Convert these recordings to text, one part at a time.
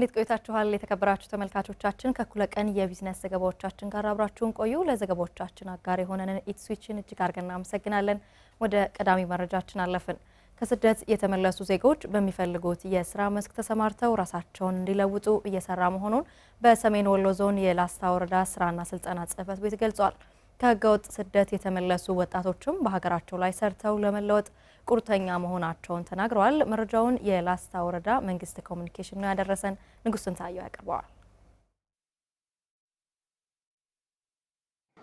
እንዴት ቆይታችኋል? የተከበራችሁ ተመልካቾቻችን ከእኩለ ቀን የቢዝነስ ዘገባዎቻችን ጋር አብራችሁን ቆዩ። ለዘገባዎቻችን አጋር የሆነንን ኢትስዊችን እጅግ አድርገን እናመሰግናለን። ወደ ቀዳሚ መረጃችን አለፍን። ከስደት የተመለሱ ዜጎች በሚፈልጉት የስራ መስክ ተሰማርተው ራሳቸውን እንዲለውጡ እየሰራ መሆኑን በሰሜን ወሎ ዞን የላስታ ወረዳ ስራና ስልጠና ጽፈት ቤት ገልጿል። ከህገወጥ ስደት የተመለሱ ወጣቶችም በሀገራቸው ላይ ሰርተው ለመለወጥ ቁርተኛ መሆናቸውን ተናግረዋል። መረጃውን የላስታ ወረዳ መንግስት ኮሚኒኬሽን ነው ያደረሰን። ንጉስ ስንታየው ያቀርበዋል።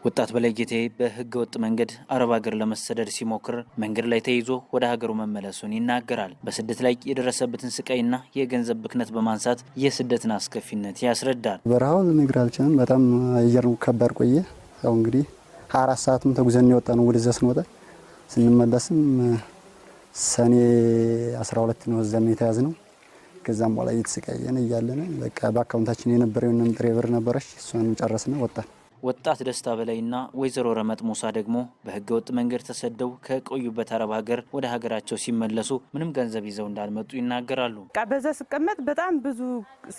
ወጣት በላይ ጌቴ በህገ ወጥ መንገድ አረብ ሀገር ለመሰደድ ሲሞክር መንገድ ላይ ተይዞ ወደ ሀገሩ መመለሱን ይናገራል። በስደት ላይ የደረሰበትን ስቃይና የገንዘብ ብክነት በማንሳት የስደትን አስከፊነት ያስረዳል። በረሃውን ልንግር አልችልም። በጣም አየር ከባድ ቆየ። ያው እንግዲህ ሀያ አራት ሰዓትም ተጉዘን የወጣ ነው። ወደዛ ስንወጣ ስንመለስም ሰኔ አስራ ሁለት ነው እዛም የተያዝ ነው። ከዛም በኋላ እየተሰቃየን እያለን በቃ በአካውንታችን የነበረው የሆነ ነበረች እሷን ጨረስን ወጣን። ወጣት ደስታ በላይና ወይዘሮ ረመጥ ሙሳ ደግሞ በህገ ወጥ መንገድ ተሰደው ከቆዩበት አረብ ሀገር ወደ ሀገራቸው ሲመለሱ ምንም ገንዘብ ይዘው እንዳልመጡ ይናገራሉ። በዛ ስቀመጥ በጣም ብዙ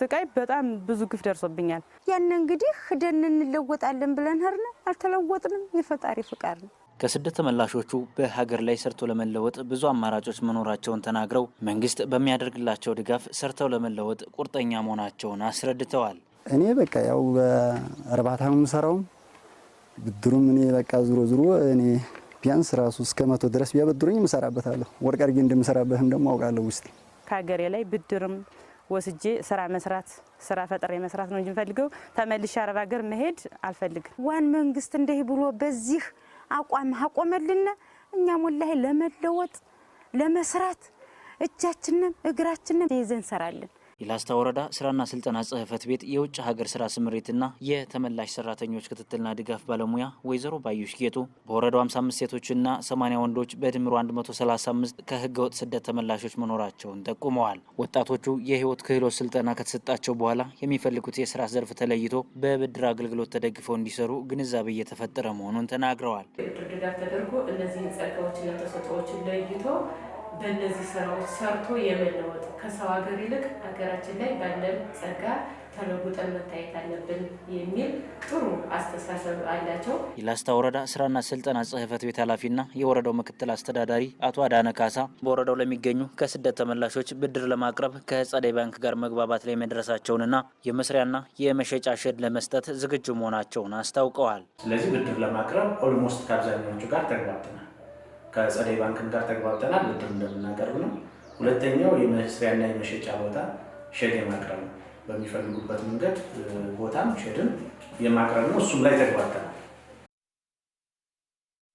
ስቃይ፣ በጣም ብዙ ግፍ ደርሶብኛል። ያን እንግዲህ ሂደን እንለወጣለን ብለን ህርነ አልተለወጥንም። የፈጣሪ ፍቃድ ነው። ከስደት ተመላሾቹ በሀገር ላይ ሰርቶ ለመለወጥ ብዙ አማራጮች መኖራቸውን ተናግረው መንግስት በሚያደርግላቸው ድጋፍ ሰርተው ለመለወጥ ቁርጠኛ መሆናቸውን አስረድተዋል። እኔ በቃ ያው በእርባታ ነው የምሰራውም ብድሩም እኔ በቃ ዙሮ ዙሮ እኔ ቢያንስ ራሱ እስከ መቶ ድረስ ቢያበድሩኝ እሰራበታለሁ። ወርቅ አድርጌ እንደምሰራበትም ደግሞ አውቃለሁ ውስጥ ከሀገሬ ላይ ብድርም ወስጄ ስራ መስራት ስራ ፈጥሬ መስራት ነው እንጂ የምፈልገው ተመልሼ አረብ ሀገር መሄድ አልፈልግም። ዋን መንግስት እንዲህ ብሎ በዚህ አቋም አቆመልን። እኛ ወላሂ ለመለወጥ ለመስራት እጃችንም እግራችንም ይዘን እንሰራለን። የላስታ ወረዳ ስራና ስልጠና ጽህፈት ቤት የውጭ ሀገር ስራ ስምሪትና የተመላሽ ሰራተኞች ክትትልና ድጋፍ ባለሙያ ወይዘሮ ባዩሽ ጌቱ በወረዳው 55 ሴቶችና 80 ወንዶች በድምሩ 135 ከህገወጥ ስደት ተመላሾች መኖራቸውን ጠቁመዋል። ወጣቶቹ የህይወት ክህሎት ስልጠና ከተሰጣቸው በኋላ የሚፈልጉት የስራ ዘርፍ ተለይቶ በብድር አገልግሎት ተደግፈው እንዲሰሩ ግንዛቤ እየተፈጠረ መሆኑን ተናግረዋል። ድጋፍ ተደርጎ እነዚህን ጸጋዎችና ተሰጥኦዎችን ለይቶ በእነዚህ ስራዎች ሰርቶ የመለወጥ ከሰው ሀገር ይልቅ ሀገራችን ላይ ባለን ጸጋ ተለውጠን መታየት አለብን የሚል ጥሩ አስተሳሰብ አላቸው። የላስታ ወረዳ ስራና ስልጠና ጽህፈት ቤት ኃላፊና የወረዳው ምክትል አስተዳዳሪ አቶ አዳነ ካሳ በወረዳው ለሚገኙ ከስደት ተመላሾች ብድር ለማቅረብ ከጸደይ ባንክ ጋር መግባባት ላይ መድረሳቸውንና የመስሪያና የመሸጫ ሸድ ለመስጠት ዝግጁ መሆናቸውን አስታውቀዋል። ስለዚህ ብድር ለማቅረብ ኦልሞስት ከአብዛኛዎቹ ጋር ተግባብተናል። ከጸደይ ባንክም ጋር ተግባብተናል። ብድር እንደምናቀርብ ነው። ሁለተኛው የመስሪያና የመሸጫ ቦታ ሸድ የማቅረብ ነው። በሚፈልጉበት መንገድ ቦታም ሸድም የማቅረብ ነው። እሱም ላይ ተግባብተናል።